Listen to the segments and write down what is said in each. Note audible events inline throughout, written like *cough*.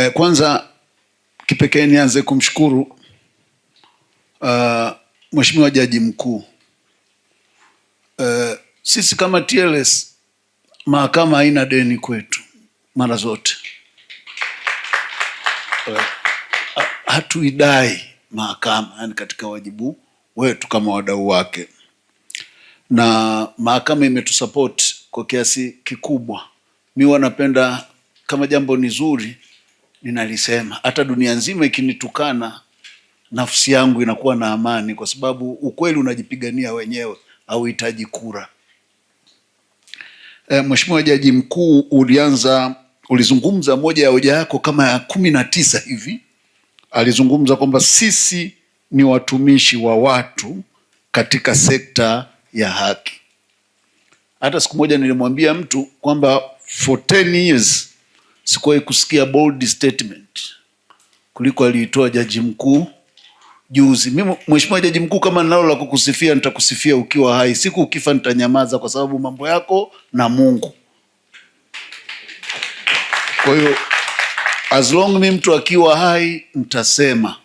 Eh, kwanza kipekee nianze kumshukuru uh, Mheshimiwa Jaji Mkuu. Uh, sisi kama TLS mahakama haina deni kwetu, mara zote uh, hatuidai mahakama, yani katika wajibu wetu kama wadau wake, na mahakama imetusupport kwa kiasi kikubwa. Mi wanapenda kama jambo ni zuri ninalisema, hata dunia nzima ikinitukana, nafsi yangu inakuwa na amani, kwa sababu ukweli unajipigania wenyewe, hauhitaji kura. E, Mheshimiwa Jaji Mkuu, ulianza ulizungumza moja ya hoja yako kama ya kumi na tisa hivi, alizungumza kwamba sisi ni watumishi wa watu katika sekta ya haki. Hata siku moja nilimwambia mtu kwamba for 10 years sikuwahi kusikia bold statement kuliko aliitoa jaji mkuu juzi. Mimi mheshimiwa jaji mkuu, kama nalo la kukusifia nitakusifia ukiwa hai, siku ukifa nitanyamaza, kwa sababu mambo yako na Mungu. Kwa hiyo as long mi mtu akiwa hai ntasema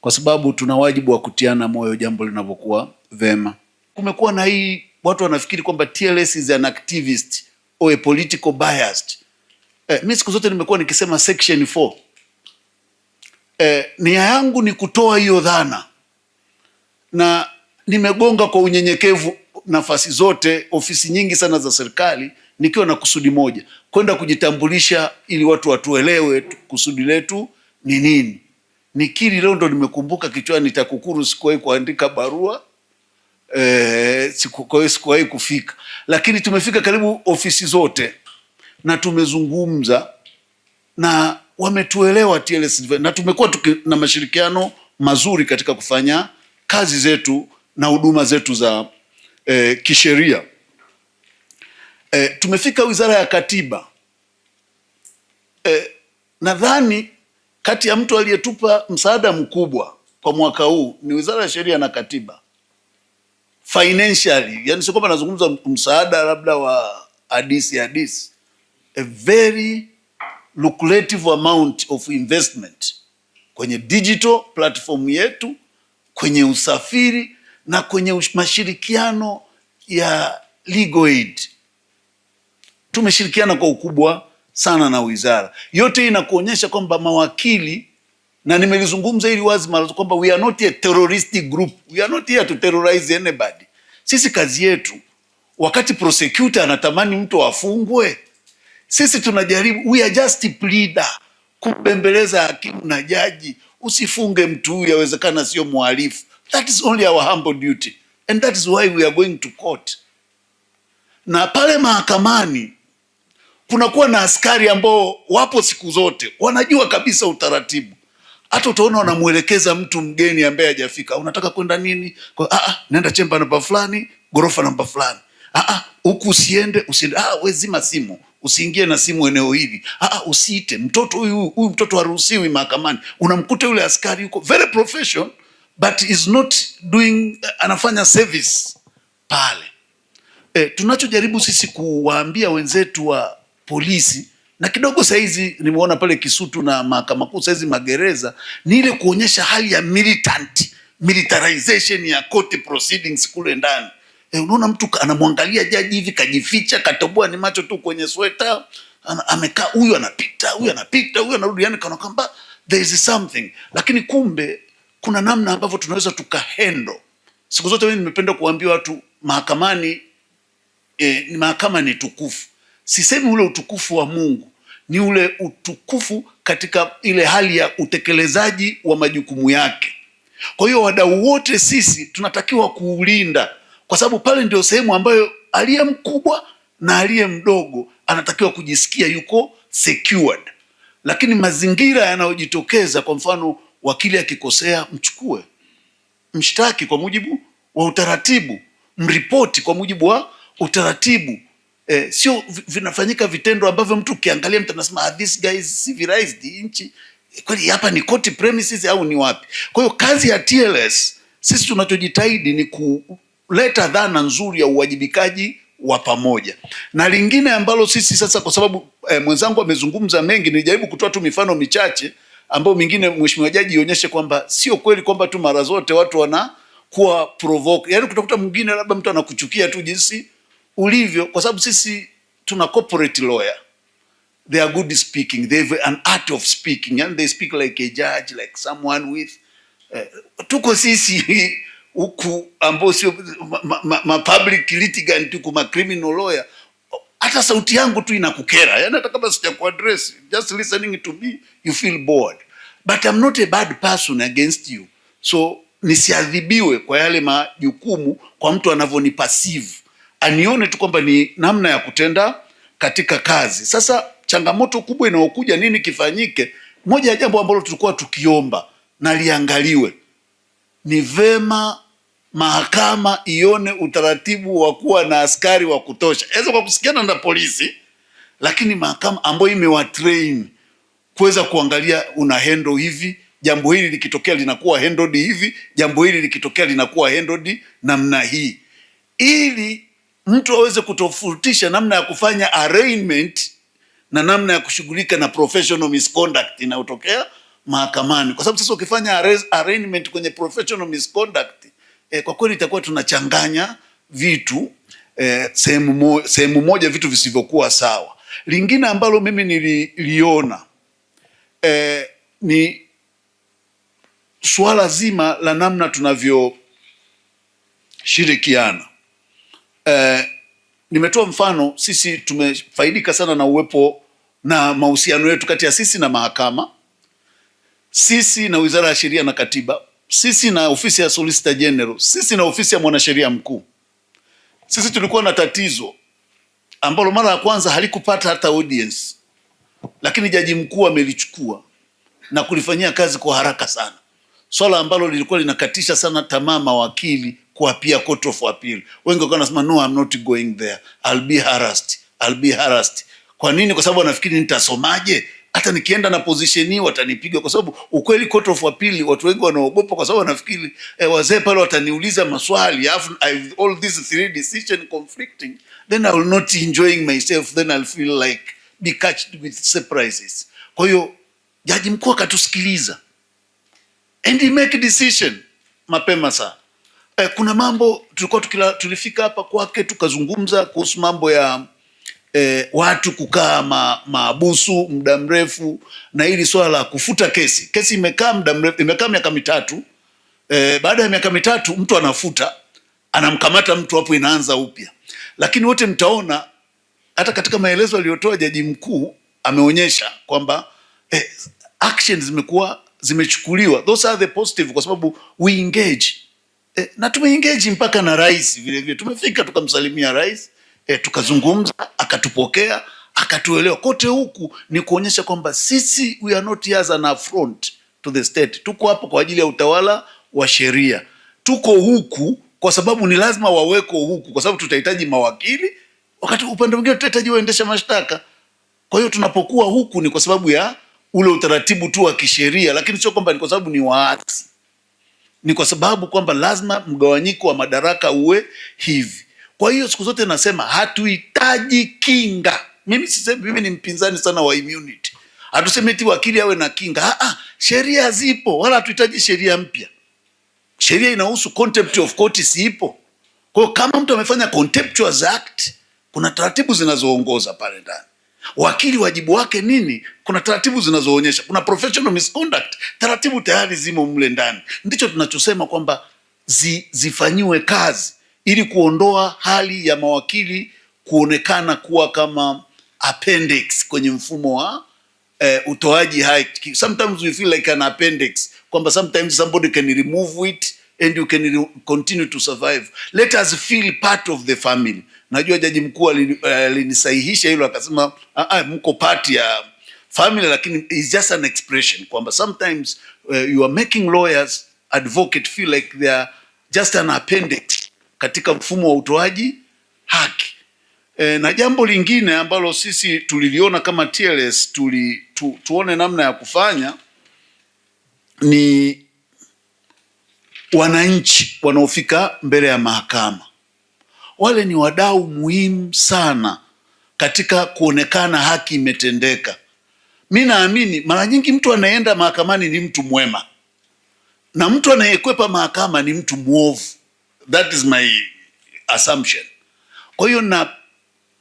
kwa sababu tuna wajibu wa kutiana moyo jambo linavyokuwa vema. Kumekuwa na hii watu wanafikiri kwamba TLS is an activist or a political biased eh, mi siku zote nimekuwa nikisema section 4 eh, nia yangu ni kutoa hiyo dhana na nimegonga kwa unyenyekevu nafasi zote, ofisi nyingi sana za serikali, nikiwa na kusudi moja, kwenda kujitambulisha ili watu watuelewe kusudi letu ni nini. Nikiri leo ndo nimekumbuka kichwani, TAKUKURU sikuwahi kuandika barua eh, sikuwahi kufika, lakini tumefika karibu ofisi zote na tumezungumza na wametuelewa TLS na tumekuwa na mashirikiano mazuri katika kufanya kazi zetu na huduma zetu za eh, kisheria. Eh, tumefika Wizara ya Katiba. Eh, nadhani kati ya mtu aliyetupa msaada mkubwa kwa mwaka huu ni Wizara ya Sheria na Katiba financially, yani sio kwamba nazungumza msaada labda wa hadisi hadisi a very lucrative amount of investment kwenye digital platform yetu, kwenye usafiri na kwenye mashirikiano ya legal aid. Tumeshirikiana kwa ukubwa sana na wizara yote hii, inakuonyesha kwamba mawakili na nimelizungumza hili wazi mara kwamba we are not a terrorist group, we are not here to terrorize anybody. Sisi kazi yetu, wakati prosecutor anatamani mtu afungwe, sisi tunajaribu, we are just pleader, kubembeleza hakimu na jaji. Usifunge mtu huyu, yawezekana sio mhalifu. That is only our humble duty and that is why we are going to court. Na pale mahakamani kunakuwa na askari ambao wapo siku zote, wanajua kabisa utaratibu. Hata utaona wanamwelekeza mtu mgeni ambaye hajafika, unataka kwenda nini? Kwa ah, ah, naenda chemba namba fulani, ghorofa namba fulani. Ah, huku usiende, usiende. wezima simu usiingie na simu eneo hili, ah, ah, usiite mtoto huyu, huyu mtoto haruhusiwi mahakamani. Unamkuta yule askari yuko very professional but is not doing, eh, anafanya service pale. E, tunachojaribu sisi kuwaambia wenzetu wa polisi na kidogo saizi nimeona pale Kisutu na mahakama kuu sahizi magereza, ni ile kuonyesha hali ya militant militarization ya court proceedings kule ndani E, unaona mtu anamwangalia jaji hivi kajificha, katoboa ni macho tu kwenye sweta, amekaa huyu anapita huyu anapita huyu anarudi, yani kana kwamba there is something, lakini kumbe kuna namna ambavyo tunaweza tukahendo. Siku zote mimi nimependa kuambia watu mahakamani, eh, ni mahakama ni tukufu. Sisemi ule utukufu wa Mungu, ni ule utukufu katika ile hali ya utekelezaji wa majukumu yake. Kwa hiyo wadau wote sisi tunatakiwa kuulinda kwa sababu pale ndio sehemu ambayo aliye mkubwa na aliye mdogo anatakiwa kujisikia yuko secured. Lakini mazingira yanayojitokeza, kwa mfano, wakili akikosea, mchukue, mshtaki kwa mujibu wa utaratibu, mripoti kwa mujibu wa utaratibu. Eh, sio vinafanyika vitendo ambavyo mtu ukiangalia mtu anasema ah, this guy is civilized nchi e, kweli, hapa ni court premises au ni wapi? Kwa hiyo kazi ya TLS sisi tunachojitahidi ni ku, kuleta dhana nzuri ya uwajibikaji wa pamoja. Na lingine ambalo sisi sasa, kwa sababu eh, mwenzangu amezungumza mengi, nijaribu kutoa tu mifano michache ambayo mingine mheshimiwa jaji ionyeshe kwamba sio kweli kwamba tu mara zote watu wanakuwa provoke. Yani kutakuta mwingine labda mtu anakuchukia tu jinsi ulivyo, kwa sababu sisi tuna corporate lawyer they are good speaking they have an art of speaking and yaani they speak like a judge like someone with uh, tuko sisi *laughs* huku ambao sio mapublic litigant huku ma criminal lawyer, hata sauti yangu tu inakukera, yani hata kama sija kuaddress, just listening to me you feel bored, but I'm not a bad person against you, so nisiadhibiwe kwa yale majukumu kwa mtu anavyonipasive, anione tu kwamba ni namna ya kutenda katika kazi. Sasa changamoto kubwa inayokuja, nini kifanyike? Moja ya jambo ambalo tulikuwa tukiomba naliangaliwe ni vema mahakama ione utaratibu wa kuwa na askari wa kutosha, aweza kwa kusikiana na polisi, lakini mahakama ambayo imewatrain kuweza kuangalia una hendo hivi, jambo hili likitokea linakuwa handled hivi, jambo hili likitokea linakuwa handled namna hii, ili mtu aweze kutofautisha namna ya kufanya arraignment na namna ya kushughulika na professional misconduct inayotokea mahakamani, kwa sababu sasa ukifanya arraignment kwenye professional misconduct e, kwa kweli itakuwa tunachanganya vitu e, sehemu mo, sehemu moja vitu visivyokuwa sawa. Lingine ambalo mimi niliona e, ni suala zima la namna tunavyoshirikiana e, nimetoa mfano, sisi tumefaidika sana na uwepo na mahusiano yetu kati ya sisi na mahakama, sisi na Wizara ya Sheria na Katiba sisi na ofisi ya Solicitor General, sisi na ofisi ya mwanasheria mkuu, sisi tulikuwa na tatizo ambalo mara ya kwanza halikupata hata audience, lakini jaji mkuu amelichukua na kulifanyia kazi kwa haraka sana, swala ambalo lilikuwa linakatisha sana tamaa mawakili kuapia court of appeal. Wengi wakawa nasema no, I'm not going there, I'll be harassed, I'll be harassed. Kwa nini? Kwa sababu anafikiri nitasomaje hata nikienda na position hii watanipiga, kwa sababu ukweli court of appeal watu wengi wanaogopa, kwa sababu wanafikiri eh, wazee pale wataniuliza maswali all these three decision conflicting, then I will not enjoying myself, then I'll feel like be catched with surprises. Kwa hiyo jaji mkuu akatusikiliza and he make decision mapema sana. Eh, kuna mambo tulikuwa tulifika hapa kwake tukazungumza kuhusu mambo ya eh, watu kukaa ma, maabusu muda mrefu, na hili swala la kufuta kesi. Kesi imekaa muda mrefu, imekaa miaka mitatu eh, baada ya miaka mitatu mtu anafuta, anamkamata mtu hapo, inaanza upya. Lakini wote mtaona hata katika maelezo aliyotoa jaji mkuu ameonyesha kwamba eh, actions zimekuwa zimechukuliwa, those are the positive, kwa sababu we engage eh, na tumeengage mpaka na rais vilevile, tumefika tukamsalimia rais e, tukazungumza, akatupokea akatuelewa. Kote huku ni kuonyesha kwamba sisi we are not here as an affront to the state, tuko hapo kwa ajili ya utawala wa sheria, tuko huku kwa sababu ni lazima waweko huku, kwa sababu tutahitaji mawakili, wakati upande mwingine tutahitaji waendesha mashtaka. Kwa hiyo tunapokuwa huku ni kwa sababu ya ule utaratibu tu wa kisheria, lakini sio kwamba ni kwa sababu ni waasi, ni kwa sababu kwamba lazima mgawanyiko wa madaraka uwe hivi. Kwa hiyo siku zote nasema hatuhitaji kinga. Mimi sisemi, mimi ni mpinzani sana wa immunity. Hatusemi eti wakili awe na kinga. Ah ah, sheria zipo, wala hatuhitaji sheria mpya. Sheria inahusu contempt of court, siipo. Kwa hiyo kama mtu amefanya contemptuous act, kuna taratibu zinazoongoza pale ndani. Wakili wajibu wake nini? Kuna taratibu zinazoonyesha, kuna professional misconduct, taratibu tayari zimo mle ndani. Ndicho tunachosema kwamba zi, zifanyiwe kazi ili kuondoa hali ya mawakili kuonekana kuwa kama appendix kwenye mfumo wa eh, utoaji haki. Sometimes we feel like an appendix, kwamba sometimes somebody can remove it and you can continue to survive. Let us feel part of the family. Najua jaji mkuu eh, alinisahihisha hilo akasema, ah, ah, mko part ya family, lakini it's just an expression kwamba sometimes uh, you are making lawyers advocate feel like they are just an appendix katika mfumo wa utoaji haki. E, na jambo lingine ambalo sisi tuliliona kama TLS tuli, tu, tuone namna ya kufanya ni wananchi wanaofika mbele ya mahakama, wale ni wadau muhimu sana katika kuonekana haki imetendeka. Mi naamini mara nyingi mtu anayeenda mahakamani ni mtu mwema na mtu anayekwepa mahakama ni mtu mwovu that is my assumption. Kwa hiyo na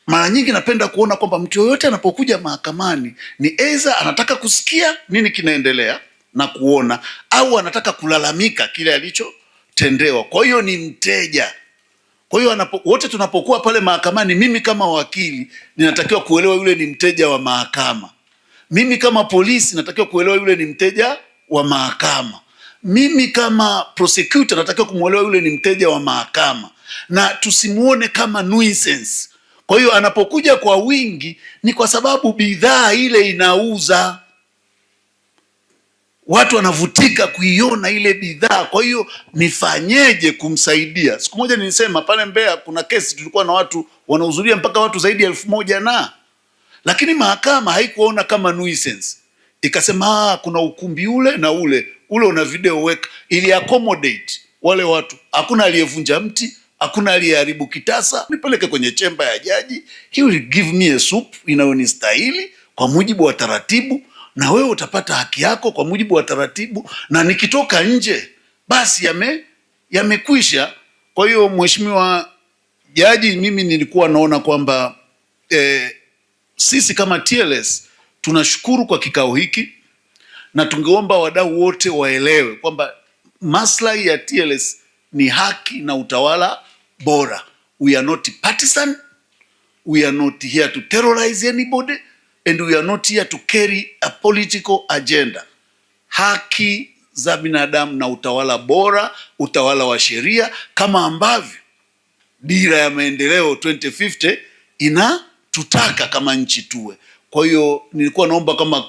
mara nyingi napenda kuona kwamba mtu yoyote anapokuja mahakamani ni aidha anataka kusikia nini kinaendelea na kuona au anataka kulalamika kile alichotendewa. Kwa hiyo ni mteja. Kwa hiyo wote tunapokuwa pale mahakamani, mimi kama wakili ninatakiwa kuelewa yule ni mteja wa mahakama, mimi kama polisi natakiwa kuelewa yule ni mteja wa mahakama mimi kama prosecutor natakiwa kumwelewa yule ni mteja wa mahakama na tusimuone kama nuisance. Kwa hiyo anapokuja kwa wingi ni kwa sababu bidhaa ile inauza, watu wanavutika kuiona ile bidhaa. Kwa hiyo nifanyeje kumsaidia? Siku moja nilisema pale Mbeya kuna kesi tulikuwa na watu wanahudhuria mpaka watu zaidi ya elfu moja na lakini mahakama haikuona kama nuisance, ikasema ah, kuna ukumbi ule na ule ule una video weka, ili accommodate wale watu. Hakuna aliyevunja mti, hakuna aliyeharibu kitasa. Nipeleke kwenye chemba ya jaji, he will give me a soup inayonistahili kwa mujibu wa taratibu, na wewe utapata haki yako kwa mujibu wa taratibu, na nikitoka nje basi yame yamekwisha. Kwa hiyo mheshimiwa jaji, mimi nilikuwa naona kwamba eh, sisi kama TLS tunashukuru kwa kikao hiki na tungeomba wadau wote waelewe kwamba maslahi ya TLS ni haki na utawala bora. We are not partisan, we are not here to terrorize anybody and we are not here to carry a political agenda. Haki za binadamu na utawala bora, utawala wa sheria, kama ambavyo dira ya maendeleo 2050 inatutaka kama nchi tuwe kwa hiyo nilikuwa naomba kama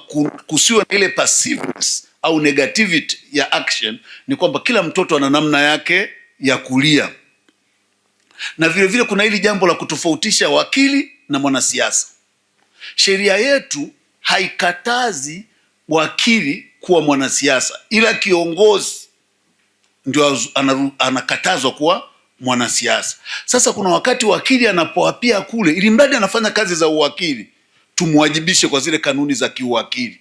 kusiwe na ile passiveness au negativity ya action, ni kwamba kila mtoto ana namna yake ya kulia, na vilevile vile kuna hili jambo la kutofautisha wakili na mwanasiasa. Sheria yetu haikatazi wakili kuwa mwanasiasa, ila kiongozi ndio anakatazwa kuwa mwanasiasa. Sasa kuna wakati wakili anapoapia kule, ili mradi anafanya kazi za uwakili tumwajibishe kwa zile kanuni za kiuwakili,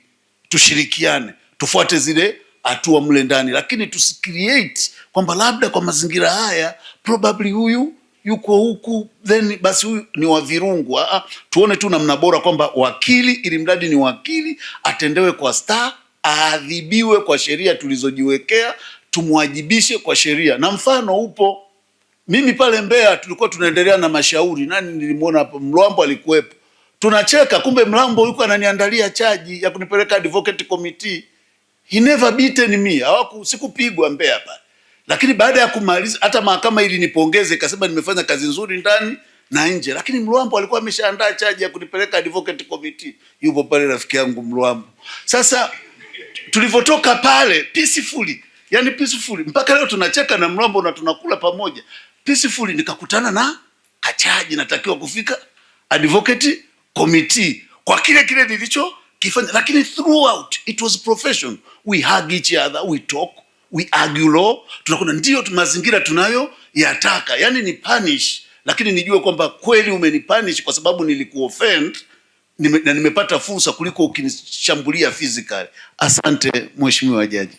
tushirikiane, tufuate zile hatua mle ndani, lakini tusicreate kwamba labda kwa mazingira haya probably huyu yuko huku then basi huyu ni wa virungu. Tuone tu namna bora kwamba wakili, ili mradi ni wakili, atendewe kwa sta aadhibiwe kwa sheria tulizojiwekea, tumwajibishe kwa sheria, na mfano upo. Mimi pale Mbeya tulikuwa tunaendelea na mashauri, nani nilimwona hapo, Mlwambo alikuwepo tunacheka, kumbe Mlambo yuko ananiandalia chaji ya kunipeleka advocate committee. He never beaten me, hawaku sikupigwa Mbeya pale, lakini baada ya kumaliza hata mahakama ilinipongeze ikasema nimefanya kazi nzuri ndani na nje, lakini Mlambo alikuwa ameshaandaa chaji ya kunipeleka advocate committee. Yupo pale rafiki yangu Mlambo. Sasa tulivyotoka pale peacefully, yani peacefully mpaka leo tunacheka na Mlambo na tunakula pamoja peacefully, nikakutana na kachaji, natakiwa kufika advocate committee kwa kile kile nilicho kifanya lakini throughout it was profession. We hug each other, we talk, we argue law, Tunakuna ndiyo mazingira tunayo yataka. Yani ni punish, lakini nijue kwamba kweli umenipunish kwa sababu nilikuoffend nime, na nimepata fursa kuliko ukinishambulia physically. Asante mheshimiwa Jaji.